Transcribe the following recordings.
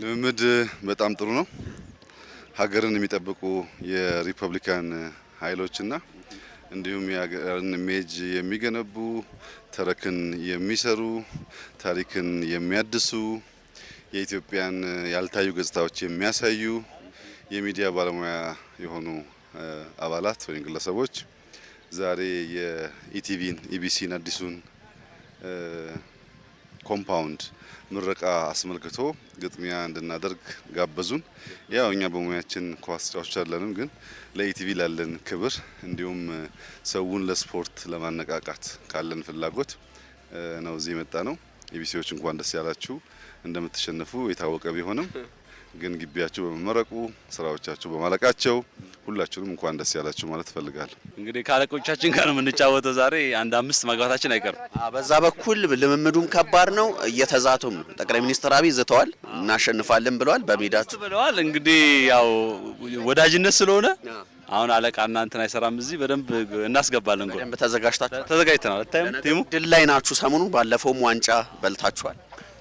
ልምምድ በጣም ጥሩ ነው። ሀገርን የሚጠብቁ የሪፐብሊካን ኃይሎችና እንዲሁም የሀገርን ሜጅ የሚገነቡ ተረክን የሚሰሩ ታሪክን የሚያድሱ የኢትዮጵያን ያልታዩ ገጽታዎች የሚያሳዩ የሚዲያ ባለሙያ የሆኑ አባላት ወይም ግለሰቦች ዛሬ የኢቲቪን ኢቢሲን አዲሱን ኮምፓውንድ ምረቃ አስመልክቶ ግጥሚያ እንድናደርግ ጋበዙን። ያው እኛ በሙያችን ኳስ ተጫዋቾች አለንም፣ ግን ለኢቲቪ ላለን ክብር እንዲሁም ሰውን ለስፖርት ለማነቃቃት ካለን ፍላጎት ነው እዚህ የመጣ ነው። ኢቢሲዎች እንኳን ደስ ያላችሁ። እንደምትሸነፉ የታወቀ ቢሆንም ግን ግቢያቸው በመመረቁ ስራዎቻቸው በማለቃቸው ሁላችሁንም እንኳን ደስ ያላችሁ ማለት እፈልጋለሁ። እንግዲህ ከአለቆቻችን ጋር የምንጫወተው ዛሬ አንድ አምስት መግባታችን አይቀርም። በዛ በኩል ልምምዱም ከባድ ነው፣ እየተዛቱም ነው። ጠቅላይ ሚኒስትር አብይ ዝተዋል፣ እናሸንፋለን ብለዋል። በሜዳቱ ብለዋል። እንግዲህ ያው ወዳጅነት ስለሆነ አሁን አለቃና እንትን አይሰራም። እዚህ በደንብ እናስገባለን። ጎል በደንብ ተዘጋጅታችሁ ተዘጋጅተናል። ታይም ቲሙ ድል ላይ ናችሁ። ሰሞኑ ባለፈውም ዋንጫ በልታችኋል።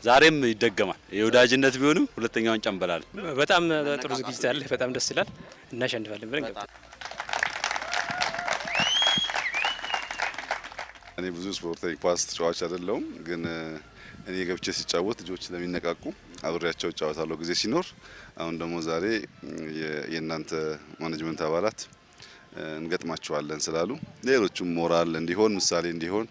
ዛሬም ይደገማል። የወዳጅነት ቢሆንም ሁለተኛውን ጨንበላለን። በጣም ጥሩ ዝግጅት አለ። በጣም ደስ ይላል። እናሸንፋለን ብለን እኔ ብዙ ስፖርታዊ ኳስ ተጫዋች አይደለሁም፣ ግን እኔ ገብቼ ሲጫወት ልጆች ለሚነቃቁ አብሬያቸው እጫወታለሁ ጊዜ ሲኖር። አሁን ደግሞ ዛሬ የእናንተ ማኔጅመንት አባላት እንገጥማቸዋለን ስላሉ ሌሎቹም ሞራል እንዲሆን ምሳሌ እንዲሆን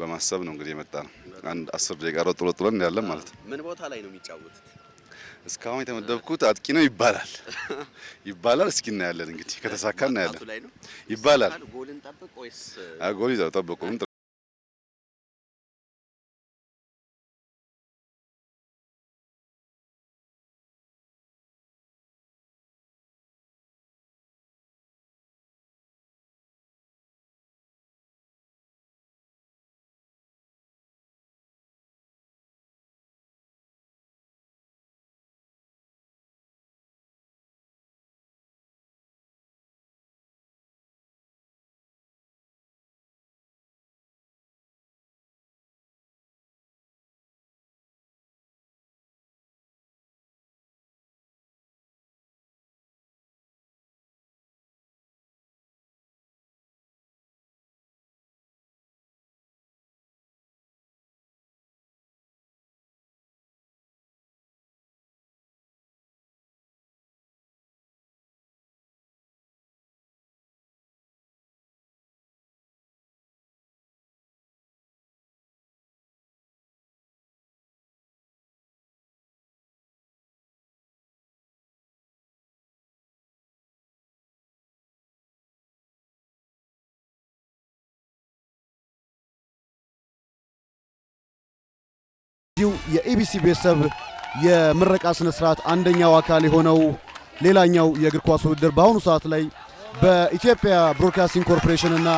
በማሰብ ነው እንግዲህ የመጣ ነው። አንድ አስር ደቂቃ ሮጥ ሮጥ ብለን ያለን ማለት ነው። ምን ቦታ ላይ ነው የሚጫወቱት? እስካሁን የተመደብኩት አጥቂ ነው ይባላል ይባላል። እስኪ እናያለን እንግዲህ ከተሳካ እናያለን ይባላል። ጎልን ጠብቅ ወይስ ጎል ይዘው ጠብቁ እዚሁ የኢቢሲ ቤተሰብ የምረቃ ስነ ስርዓት አንደኛው አካል የሆነው ሌላኛው የእግር ኳስ ውድድር በአሁኑ ሰዓት ላይ በኢትዮጵያ ብሮድካስቲንግ ኮርፖሬሽን እና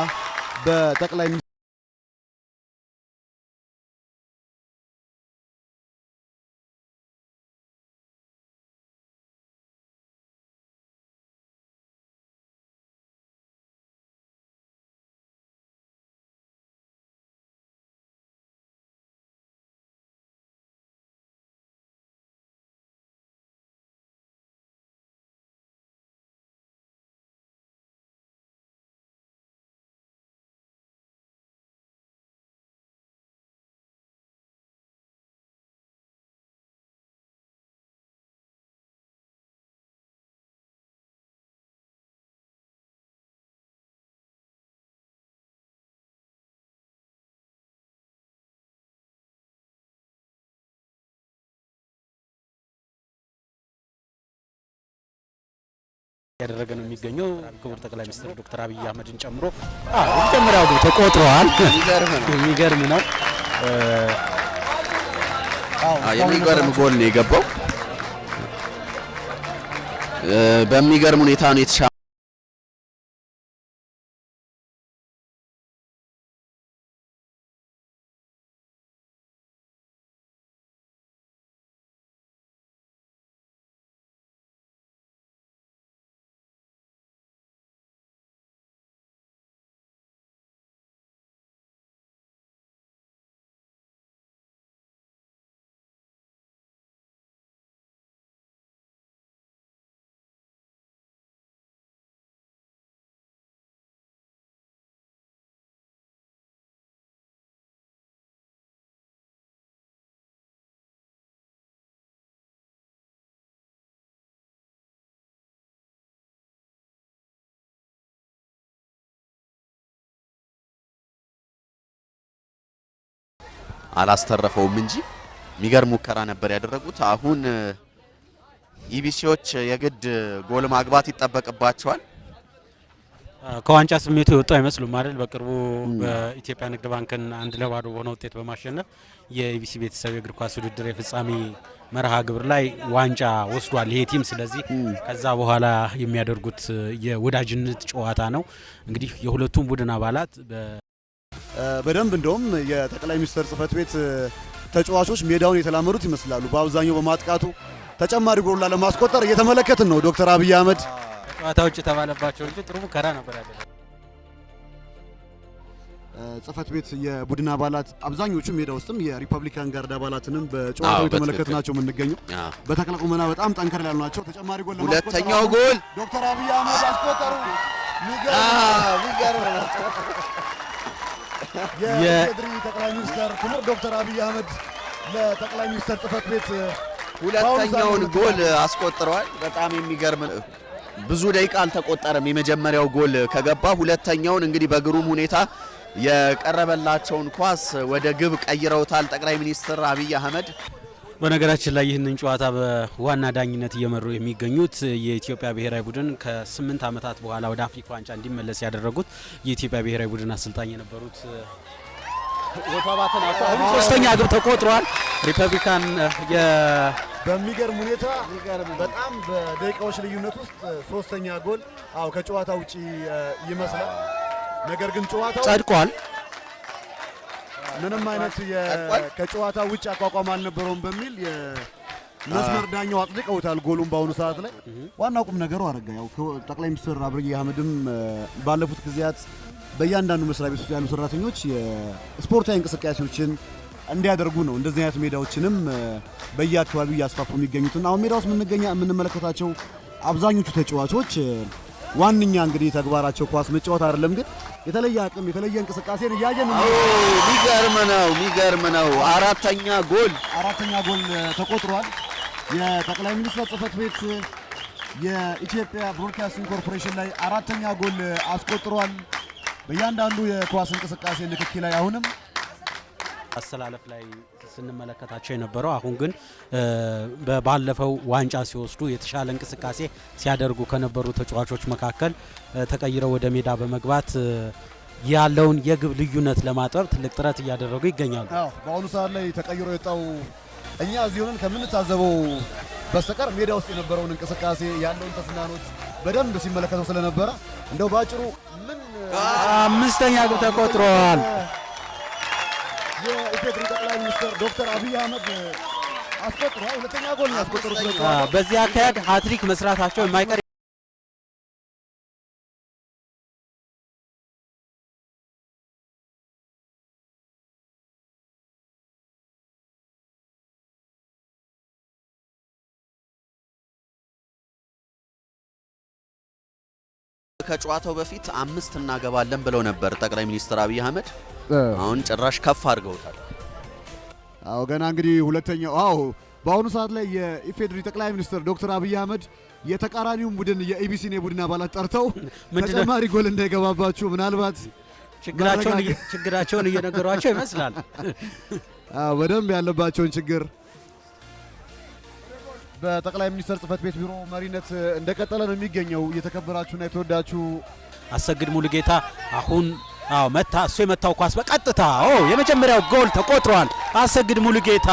በጠቅላይ ያደረገ ነው የሚገኘው። ክቡር ጠቅላይ ሚኒስትር ዶክተር አብይ አህመድን ጨምሮ መጀመሪያው ተቆጥረዋል። የሚገርም ነው። የሚገርም ጎል ነው የገባው። በሚገርም ሁኔታ ነው የተሻ አላስተረፈውም እንጂ የሚገርም ሙከራ ነበር ያደረጉት። አሁን ኢቢሲዎች የግድ ጎል ማግባት ይጠበቅባቸዋል። ከዋንጫ ስሜቱ የወጡ አይመስሉም አይደል? በቅርቡ በኢትዮጵያ ንግድ ባንክን አንድ ለባዶ በሆነ ውጤት በማሸነፍ የኢቢሲ ቤተሰብ የእግር ኳስ ውድድር የፍጻሜ መርሃ ግብር ላይ ዋንጫ ወስዷል ይሄ ቲም። ስለዚህ ከዛ በኋላ የሚያደርጉት የወዳጅነት ጨዋታ ነው። እንግዲህ የሁለቱም ቡድን አባላት በደንብ እንደውም የጠቅላይ ሚኒስትር ጽህፈት ቤት ተጫዋቾች ሜዳውን የተላመዱት ይመስላሉ። በአብዛኛው በማጥቃቱ ተጨማሪ ጎል ለማስቆጠር እየተመለከትን ነው። ዶክተር አብይ አህመድ ጨዋታ ውጭ ተባለባቸው እንጂ ጥሩ ሙከራ ነበር ያለ ጽህፈት ቤት የቡድን አባላት አብዛኞቹ ሜዳ ውስጥም የሪፐብሊካን ጋርድ አባላትንም በጨዋታው የተመለከት ናቸው የምንገኘው። በተክለ ቁመና በጣም ጠንከር ያሉ ናቸው። ተጨማሪ ጎል ሁለተኛው ጎል ዶክተር አብይ አህመድ አስቆጠሩ። ሚገርም ናቸው። የኢፌዴሪ ጠቅላይ ሚኒስተር ክቡር ዶክተር አብይ አህመድ ለጠቅላይ ሚኒስተር ጽህፈት ቤት ሁለተኛውን ጎል አስቆጥረዋል። በጣም የሚገርም ብዙ ደቂቃ አልተቆጠረም። የመጀመሪያው ጎል ከገባ ሁለተኛውን እንግዲህ በግሩም ሁኔታ የቀረበላቸውን ኳስ ወደ ግብ ቀይረውታል ጠቅላይ ሚኒስትር አብይ አህመድ። በነገራችን ላይ ይህንን ጨዋታ በዋና ዳኝነት እየመሩ የሚገኙት የኢትዮጵያ ብሔራዊ ቡድን ከስምንት ዓመታት በኋላ ወደ አፍሪካ ዋንጫ እንዲመለስ ያደረጉት የኢትዮጵያ ብሔራዊ ቡድን አሰልጣኝ የነበሩት ሶስተኛ ግብ ተቆጥሯል። ሪፐብሊካን በሚገርም ሁኔታ በጣም በደቂቃዎች ልዩነት ውስጥ ሶስተኛ ጎል ከጨዋታ ውጪ ይመስላል። ነገር ግን ጨዋታው ጸድቋል። ምንም አይነት ከጨዋታ ውጭ አቋቋም አልነበረውም በሚል መስመር ዳኛው አጥልቀውታል ጎሉን በአሁኑ ሰዓት ላይ ዋናው ቁም ነገሩ አረጋ ያው ጠቅላይ ሚኒስትር አብይ አህመድም ባለፉት ጊዜያት በእያንዳንዱ መስሪያ ቤት ውስጥ ያሉ ሰራተኞች ስፖርታዊ እንቅስቃሴዎችን እንዲያደርጉ ነው እንደዚህ አይነት ሜዳዎችንም በየአካባቢው እያስፋፉ የሚገኙትና አሁን ሜዳ ውስጥ የምንመለከታቸው አብዛኞቹ ተጫዋቾች ዋንኛ እንግዲህ ተግባራቸው ኳስ መጫወት አይደለም፣ ግን የተለየ አቅም የተለየ እንቅስቃሴን እያየን ሚገርም ነው፣ ሚገርም ነው። አራተኛ ጎል አራተኛ ጎል ተቆጥሯል። የጠቅላይ ሚኒስትር ጽህፈት ቤት የኢትዮጵያ ብሮድካስቲንግ ኮርፖሬሽን ላይ አራተኛ ጎል አስቆጥሯል። በእያንዳንዱ የኳስ እንቅስቃሴ ንክኪ ላይ አሁንም አሰላለፍ ላይ ስንመለከታቸው የነበረው። አሁን ግን ባለፈው ዋንጫ ሲወስዱ የተሻለ እንቅስቃሴ ሲያደርጉ ከነበሩ ተጫዋቾች መካከል ተቀይረው ወደ ሜዳ በመግባት ያለውን የግብ ልዩነት ለማጠር ትልቅ ጥረት እያደረጉ ይገኛሉ። በአሁኑ ሰዓት ላይ ተቀይሮ የወጣው እኛ እዚህ ሆነን ከምንታዘበው በስተቀር ሜዳ ውስጥ የነበረውን እንቅስቃሴ ያለውን ተስናኖት በደንብ ሲመለከተው ስለነበረ እንደው በአጭሩ ምን አምስተኛ ግብ ተቆጥሯል። የኢፌድሪ ጠቅላይ ሚኒስትር ዶክተር አብይ አህመድ አስቆጥሯል። ሁለተኛ ጎል ያስቆጠሩት በዚህ አካሄድ ሀትሪክ መስራታቸው የማይቀር ከጨዋታው በፊት አምስት እናገባለን ብለው ነበር ጠቅላይ ሚኒስትር አብይ አህመድ። አሁን ጭራሽ ከፍ አድርገውታል። አዎ ገና እንግዲህ ሁለተኛው። አዎ በአሁኑ ሰዓት ላይ የኢፌዴሪ ጠቅላይ ሚኒስትር ዶክተር አብይ አህመድ የተቃራኒውን ቡድን የኢቢሲን የቡድን አባላት ጠርተው ተጨማሪ ጎል እንዳይገባባችሁ ምናልባት ችግራቸውን እየነገሯቸው ይመስላል በደንብ ያለባቸውን ችግር በጠቅላይ ሚኒስትር ጽህፈት ቤት ቢሮ መሪነት እንደቀጠለ ነው የሚገኘው። የተከበራችሁና የተወዳችሁ አሰግድ ሙሉጌታ አሁን አዎ መታ እሱ የመታው ኳስ በቀጥታ ኦ የመጀመሪያው ጎል ተቆጥሯል። አሰግድ ሙሉጌታ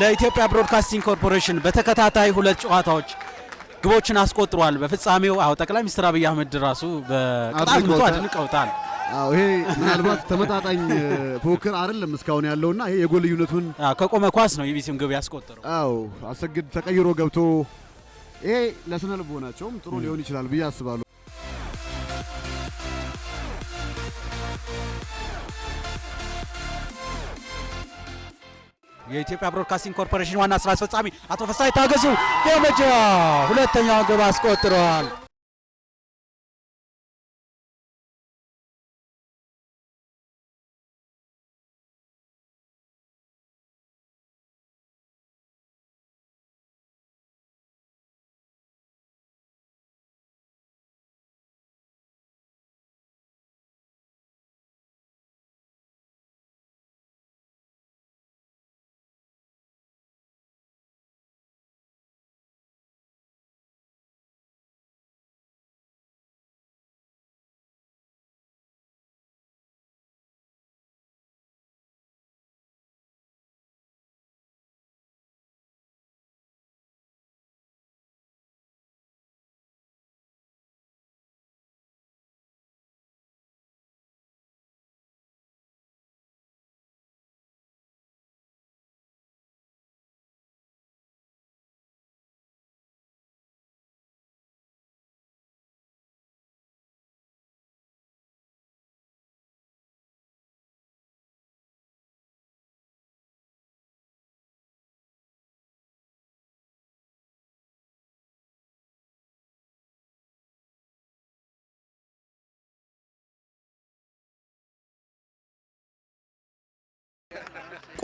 ለኢትዮጵያ ብሮድካስቲንግ ኮርፖሬሽን በተከታታይ ሁለት ጨዋታዎች ግቦችን አስቆጥሯል። በፍጻሜው አዎ ጠቅላይ ሚኒስትር አብይ አህመድ ራሱ በቅጣት ምቱ አድንቀውታል። ይሄ ምናልባት ተመጣጣኝ ፉክክር አይደለም እስካሁን ያለውና ይሄ የጎል ልዩነቱን ከቆመ ኳስ ነው የቢሲም ግብ ያስቆጠረው። አዎ አሰግድ ተቀይሮ ገብቶ ይሄ ለስነ ልቦናቸውም ጥሩ ሊሆን ይችላል ብዬ አስባለሁ። የኢትዮጵያ ብሮድካስቲንግ ኮርፖሬሽን ዋና ስራ አስፈጻሚ አቶ ፈሳይ ታገሱ የመጀመሪያ ሁለተኛውን ግብ አስቆጥረዋል።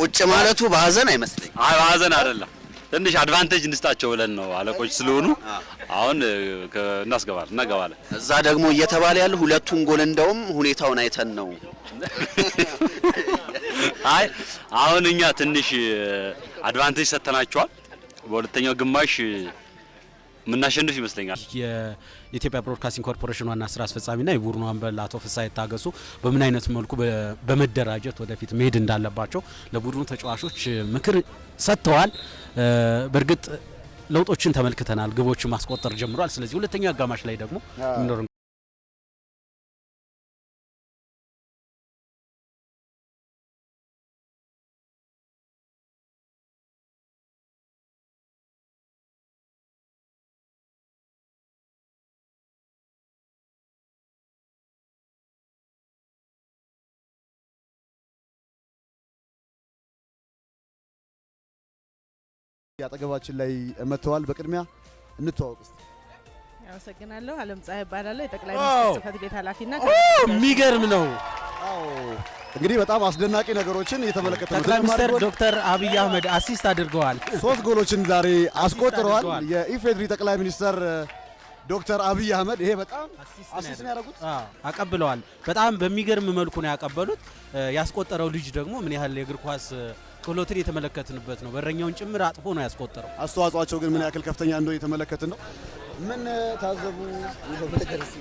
ቁጭ ማለቱ በሀዘን አይ በሀዘን አይደለም፣ ትንሽ አድቫንቴጅ እንስጣቸው ብለን ነው። አለቆች ስለሆኑ አሁን እናስገባለን እናገባለን። እዛ ደግሞ እየተባለ ያለ ሁለቱን ጎል እንደውም ሁኔታውን አይተን ነው። አይ አሁን እኛ ትንሽ አድቫንቴጅ ሰጥተናቸዋል። በሁለተኛው ግማሽ የምናሸንፍ ይመስለኛል። የኢትዮጵያ ብሮድካስቲንግ ኮርፖሬሽን ዋና ስራ አስፈጻሚና የቡድኑ አምበል አቶ ፍስሐ የታገሱ በምን አይነት መልኩ በመደራጀት ወደፊት መሄድ እንዳለባቸው ለቡድኑ ተጫዋቾች ምክር ሰጥተዋል። በእርግጥ ለውጦችን ተመልክተናል። ግቦችን ማስቆጠር ጀምሯል። ስለዚህ ሁለተኛ አጋማሽ ላይ ደግሞ የሚኖረን አጠገባችን ላይ መጥተዋል። በቅድሚያ እንተዋወቅ እስቲ። አመሰግናለሁ። አለም ፀሐይ እባላለሁ የጠቅላይ ሚኒስትር ጽህፈት ቤት ኃላፊና የሚገርም ነው። እንግዲህ በጣም አስደናቂ ነገሮችን እየተመለከተ ጠቅላይ ሚኒስትር ዶክተር አብይ አህመድ አሲስት አድርገዋል። ሶስት ጎሎችን ዛሬ አስቆጥረዋል። የኢፌድሪ ጠቅላይ ሚኒስትር ዶክተር አብይ አህመድ ይሄ በጣም አሲስት ነው ያደረጉት፣ አቀብለዋል። በጣም በሚገርም መልኩ ነው ያቀበሉት። ያስቆጠረው ልጅ ደግሞ ምን ያህል የእግር ኳስ ክህሎትን የተመለከትንበት ነው። በረኛውን ጭምር አጥፎ ነው ያስቆጠረው። አስተዋጽኦቸው ግን ምን ያክል ከፍተኛ እንደሆነ የተመለከትን ነው። ምን ታዘቡ?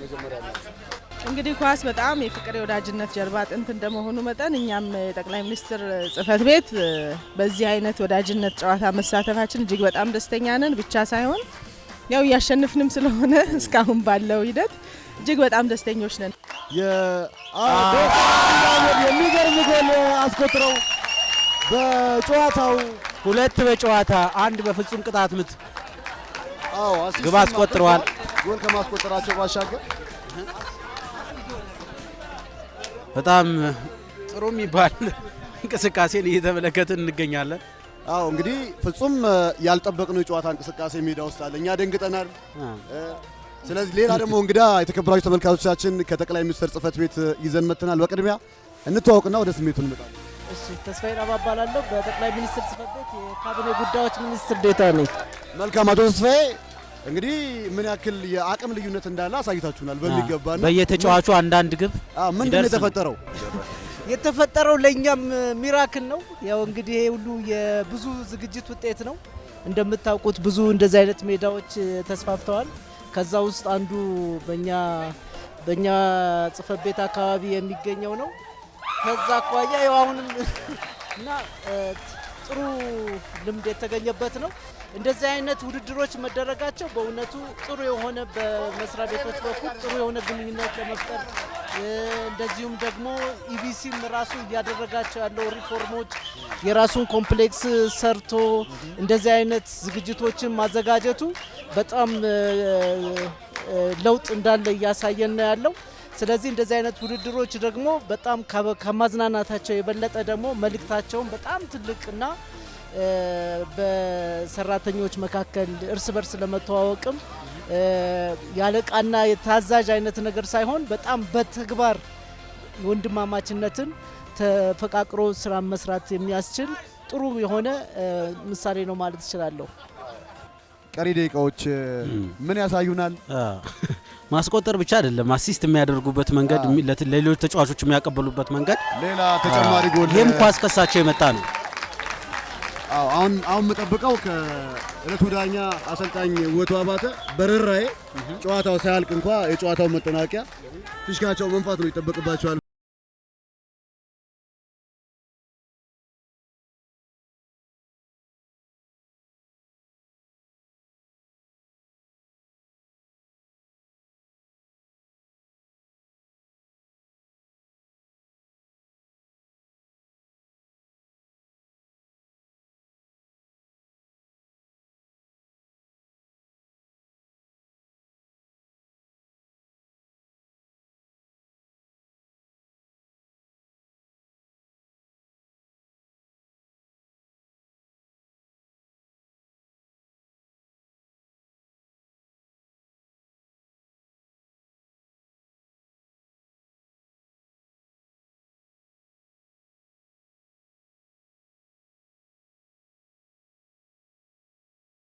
መጀመሪያ እንግዲህ ኳስ በጣም የፍቅር የወዳጅነት ጀርባ አጥንት እንደመሆኑ መጠን እኛም የጠቅላይ ሚኒስትር ጽህፈት ቤት በዚህ አይነት ወዳጅነት ጨዋታ መሳተፋችን እጅግ በጣም ደስተኛ ነን ብቻ ሳይሆን ያው እያሸንፍንም ስለሆነ እስካሁን ባለው ሂደት እጅግ በጣም ደስተኞች ነን። የሚገርም ጎል አስቆጥረው በጨዋታው ሁለት በጨዋታ አንድ በፍጹም ቅጣት ምት ግብ አስቆጥረዋል። ጎል ከማስቆጠራቸው ባሻገር በጣም ጥሩ የሚባል እንቅስቃሴን እየተመለከትን እንገኛለን። አዎ እንግዲህ ፍጹም ያልጠበቅነው የጨዋታ እንቅስቃሴ ሜዳ ውስጥ አለ። እኛ ደንግጠናል። ስለዚህ ሌላ ደግሞ እንግዳ የተከበራችሁ ተመልካቾቻችን ከጠቅላይ ሚኒስትር ጽህፈት ቤት ይዘን መጥተናል። በቅድሚያ እንተዋወቅና ወደ ስሜቱ እንመጣለን። እሺ ተስፋዬ ዳባ እባላለሁ። በጠቅላይ ሚኒስትር ጽሕፈት ቤት የካቢኔ ጉዳዮች ሚኒስትር ዴታ ነኝ። መልካም አቶ ተስፋዬ እንግዲህ ምን ያክል የአቅም ልዩነት እንዳለ አሳይታችሁናል በሚገባ በየተጫዋቹ አንዳንድ ግብ ምንድን ነው የተፈጠረው? የተፈጠረው ለእኛም ሚራክል ነው። ያው እንግዲህ ይሄ ሁሉ የብዙ ዝግጅት ውጤት ነው። እንደምታውቁት ብዙ እንደዚህ አይነት ሜዳዎች ተስፋፍተዋል። ከዛ ውስጥ አንዱ በእኛ በእኛ ጽሕፈት ቤት አካባቢ የሚገኘው ነው። ከዛ አኳያ ያው አሁንም እና ጥሩ ልምድ የተገኘበት ነው። እንደዚህ አይነት ውድድሮች መደረጋቸው በእውነቱ ጥሩ የሆነ በመስሪያ ቤቶች በኩል ጥሩ የሆነ ግንኙነት ለመፍጠር እንደዚሁም ደግሞ ኢቢሲም ራሱ እያደረጋቸው ያለው ሪፎርሞች የራሱን ኮምፕሌክስ ሰርቶ እንደዚህ አይነት ዝግጅቶችን ማዘጋጀቱ በጣም ለውጥ እንዳለ እያሳየን ነው ያለው። ስለዚህ እንደዚህ አይነት ውድድሮች ደግሞ በጣም ከማዝናናታቸው የበለጠ ደግሞ መልእክታቸውን በጣም ትልቅና በሰራተኞች መካከል እርስ በርስ ለመተዋወቅም ያለቃና የታዛዥ አይነት ነገር ሳይሆን በጣም በተግባር ወንድማማችነትን ተፈቃቅሮ ስራ መስራት የሚያስችል ጥሩ የሆነ ምሳሌ ነው ማለት እችላለሁ። ቀሪ ደቂቃዎች ምን ያሳዩናል? ማስቆጠር ብቻ አይደለም አሲስት የሚያደርጉበት መንገድ፣ ለሌሎች ተጫዋቾች የሚያቀበሉበት መንገድ፣ ሌላ ተጨማሪ ጎል ይህም ኳስ ከሳቸው የመጣ ነው። አሁን አሁን የምጠብቀው ከእለቱ ዳኛ አሰልጣኝ ውበቱ አባተ በርራዬ ጨዋታው ሳያልቅ እንኳ የጨዋታው መጠናቂያ ፊሽካቸው መንፋት ነው ይጠበቅባቸዋል።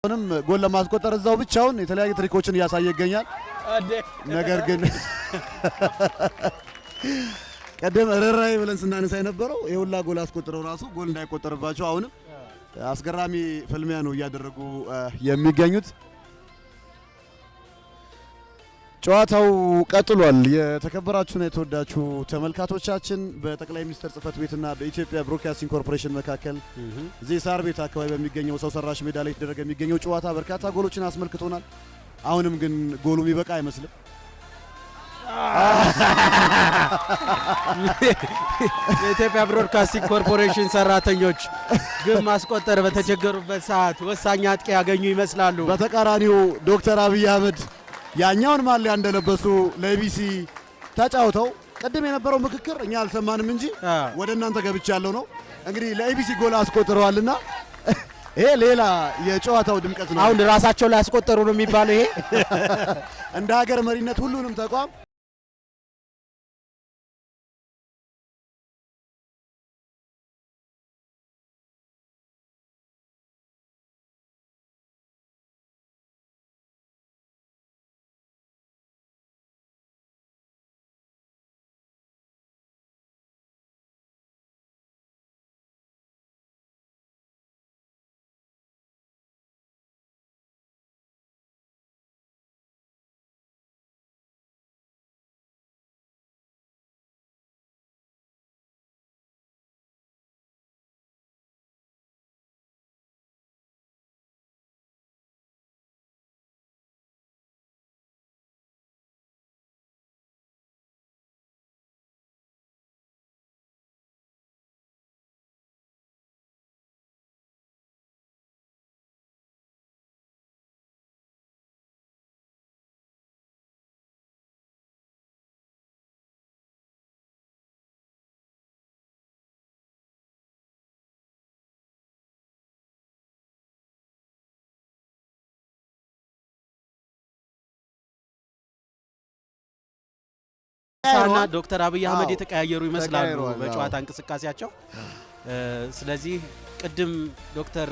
አሁንም ጎል ለማስቆጠር እዛው ብቻውን የተለያዩ ትሪኮችን እያሳየ ይገኛል። ነገር ግን ቀደም ረራይ ብለን ስናነሳ የነበረው የሁላ ጎል አስቆጥረው ራሱ ጎል እንዳይቆጠርባቸው አሁንም አስገራሚ ፍልሚያ ነው እያደረጉ የሚገኙት። ጨዋታው ቀጥሏል። የተከበራችሁና የተወዳችሁ ተመልካቾቻችን በጠቅላይ ሚኒስትር ጽህፈት ቤትና በኢትዮጵያ ብሮድካስቲንግ ኮርፖሬሽን መካከል እዚህ ሳር ቤት አካባቢ በሚገኘው ሰው ሰራሽ ሜዳ ላይ የተደረገ የሚገኘው ጨዋታ በርካታ ጎሎችን አስመልክቶናል። አሁንም ግን ጎሉ የሚበቃ አይመስልም። የኢትዮጵያ ብሮድካስቲንግ ኮርፖሬሽን ሰራተኞች ግብ ማስቆጠር በተቸገሩበት ሰዓት ወሳኝ አጥቂ ያገኙ ይመስላሉ። በተቃራኒው ዶክተር አብይ አህመድ ያኛውን ማሊያ እንደለበሱ ለቢሲ ተጫውተው ቅድም የነበረው ምክክር እኛ አልሰማንም እንጂ ወደ እናንተ ገብቻ ያለው ነው። እንግዲህ ለኤቢሲ ጎል አስቆጥረዋልና ይሄ ሌላ የጨዋታው ድምቀት ነው። አሁን ራሳቸው ላይ አስቆጠሩ ነው የሚባለው። ይሄ እንደ ሀገር መሪነት ሁሉንም ተቋም ሳና ዶክተር አብይ አህመድ የተቀያየሩ ይመስላሉ በጨዋታ እንቅስቃሴያቸው። ስለዚህ ቅድም ዶክተር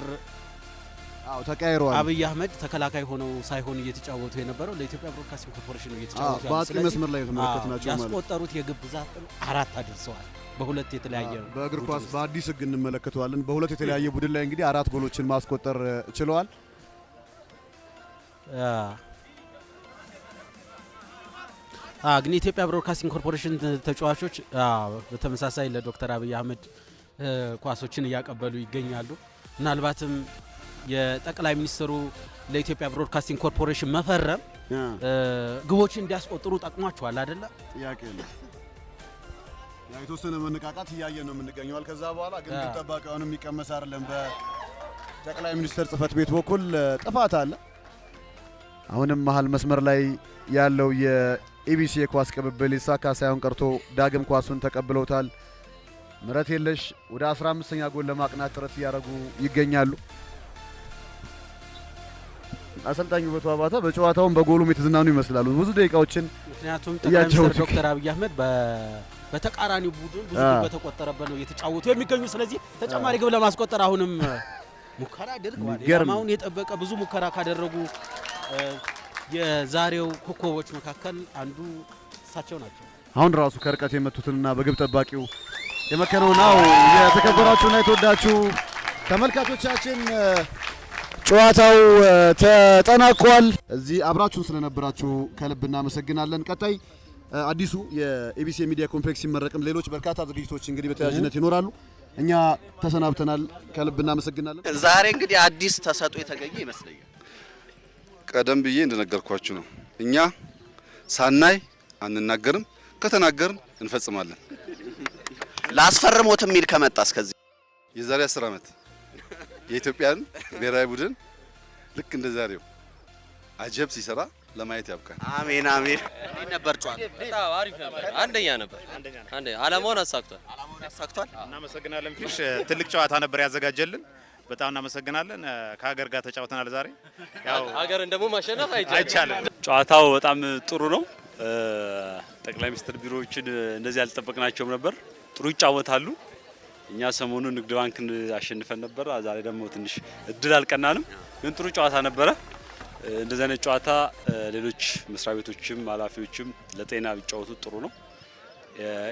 ተቀያይረዋል። አብይ አህመድ ተከላካይ ሆነው ሳይሆን እየተጫወቱ የነበረው ለኢትዮጵያ ብሮድካስቲንግ ኮርፖሬሽን ነው እየተጫወቱ በአጥቂ መስመር ላይ የተመለከት ናቸው። ያስቆጠሩት የግብ ብዛት አራት አድርሰዋል። በሁለት የተለያየ በእግር ኳስ በአዲስ ሕግ እንመለከተዋለን። በሁለት የተለያየ ቡድን ላይ እንግዲህ አራት ጎሎችን ማስቆጠር ችለዋል። ግን የኢትዮጵያ ብሮድካስቲንግ ኮርፖሬሽን ተጫዋቾች በተመሳሳይ ለዶክተር አብይ አህመድ ኳሶችን እያቀበሉ ይገኛሉ። ምናልባትም የጠቅላይ ሚኒስትሩ ለኢትዮጵያ ብሮድካስቲንግ ኮርፖሬሽን መፈረም ግቦችን እንዲያስቆጥሩ ጠቅሟቸዋል አደለ? ጥያቄ ነው። የተወሰነ መነቃቃት እያየን ነው የምንገኘዋል። ከዛ በኋላ ግን ግብ ጠባቂውንም የሚቀመስ አይደለም። በጠቅላይ ሚኒስትር ጽህፈት ቤት በኩል ጥፋት አለ። አሁንም መሀል መስመር ላይ ያለው ኢቢሲ የኳስ ቅብብል ይሳካ ሳይሆን ቀርቶ ዳግም ኳሱን ተቀብለውታል። ምረት የለሽ ወደ 15ኛ ጎል ለማቅናት ጥረት እያደረጉ ይገኛሉ። አሰልጣኝ ውበቱ አባተ በጨዋታውም በጎሉም የተዝናኑ ይመስላሉ ብዙ ደቂቃዎችን። ምክንያቱም ጠቅላይ ሚኒስትር ዶክተር አብይ አህመድ በተቃራኒ ቡድን ብዙ በተቆጠረበት ነው እየተጫወቱ የሚገኙ። ስለዚህ ተጨማሪ ግብ ለማስቆጠር አሁንም ሙከራ አድርገዋል። አሁን የጠበቀ ብዙ ሙከራ ካደረጉ የዛሬው ኮከቦች መካከል አንዱ እሳቸው ናቸው። አሁን ራሱ ከርቀት የመቱትንና በግብ ጠባቂው የመከነው ነው። የተከበራችሁና የተወዳችሁ ተመልካቾቻችን ጨዋታው ተጠናቋል። እዚህ አብራችሁን ስለነበራችሁ ከልብ እናመሰግናለን። ቀጣይ አዲሱ የኢቢሲ ሚዲያ ኮምፕሌክስ ሲመረቅም ሌሎች በርካታ ዝግጅቶች እንግዲህ በተያያዥነት ይኖራሉ። እኛ ተሰናብተናል። ከልብ እናመሰግናለን። ዛሬ እንግዲህ አዲስ ተሰጥኦ የተገኘ ይመስለኛል። ቀደም ብዬ እንደነገርኳችሁ ነው። እኛ ሳናይ አንናገርም፣ ከተናገርን እንፈጽማለን። ላስፈርሞት የሚል ከመጣ እስከዚህ የዛሬ አስር ዓመት የኢትዮጵያን ብሔራዊ ቡድን ልክ እንደ ዛሬው አጀብ ሲሰራ ለማየት ያብቃል። አሜን አሜን። ነበር ጨዋታ አሪፍ ነበር። አንደኛ ነበር። አንደኛ አላማውን አሳክቷል። አላማውን አሳክቷል። እናመሰግናለን። ፊሽ ትልቅ ጨዋታ ነበር ያዘጋጀልን። በጣም እናመሰግናለን። ከሀገር ጋር ተጫውተናል ዛሬ። ያው ሀገርን ደግሞ ማሸነፍ አይቻልም። ጨዋታው በጣም ጥሩ ነው። ጠቅላይ ሚኒስትር ቢሮዎችን እንደዚህ ያልጠበቅናቸውም ነበር። ጥሩ ይጫወታሉ። እኛ ሰሞኑን ንግድ ባንክን አሸንፈን ነበር። ዛሬ ደግሞ ትንሽ እድል አልቀናንም፣ ግን ጥሩ ጨዋታ ነበረ። እንደዚህ አይነት ጨዋታ ሌሎች መስሪያ ቤቶችም ኃላፊዎችም ለጤና ቢጫወቱት ጥሩ ነው።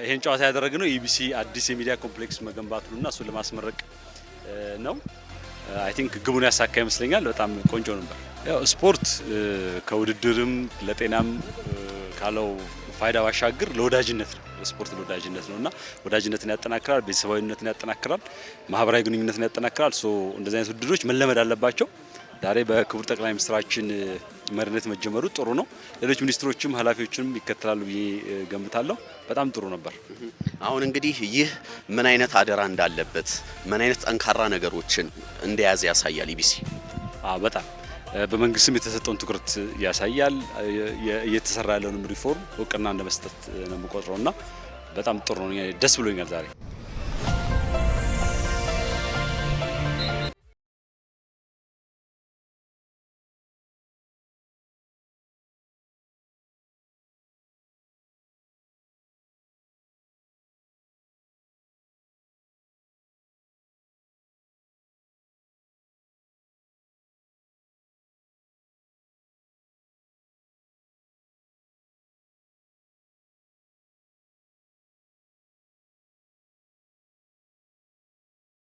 ይህን ጨዋታ ያደረግነው ኢቢሲ አዲስ የሚዲያ ኮምፕሌክስ መገንባቱንና እሱን ለማስመረቅ ነው። አይ ቲንክ ግቡን ያሳካ ይመስለኛል። በጣም ቆንጆ ነበር። ያው ስፖርት ከውድድርም ለጤናም ካለው ፋይዳ ባሻገር ለወዳጅነት ነው። ስፖርት ለወዳጅነት ነው እና ወዳጅነትን ያጠናክራል፣ ቤተሰባዊነትን ያጠናክራል፣ ማህበራዊ ግንኙነትን ያጠናክራል። ሶ እንደዚህ አይነት ውድድሮች መለመድ አለባቸው። ዛሬ በክቡር ጠቅላይ ሚኒስትራችን መሪነት መጀመሩ ጥሩ ነው። ሌሎች ሚኒስትሮችም ኃላፊዎችንም ይከተላሉ ብዬ ገምታለሁ። በጣም ጥሩ ነበር። አሁን እንግዲህ ይህ ምን አይነት አደራ እንዳለበት ምን አይነት ጠንካራ ነገሮችን እንደያዘ ያሳያል። ኢቢሲ በጣም በመንግስትም የተሰጠውን ትኩረት ያሳያል። እየተሰራ ያለውንም ሪፎርም እውቅና እንደመስጠት ነው የምቆጥረው እና በጣም ጥሩ ነው። ደስ ብሎኛል ዛሬ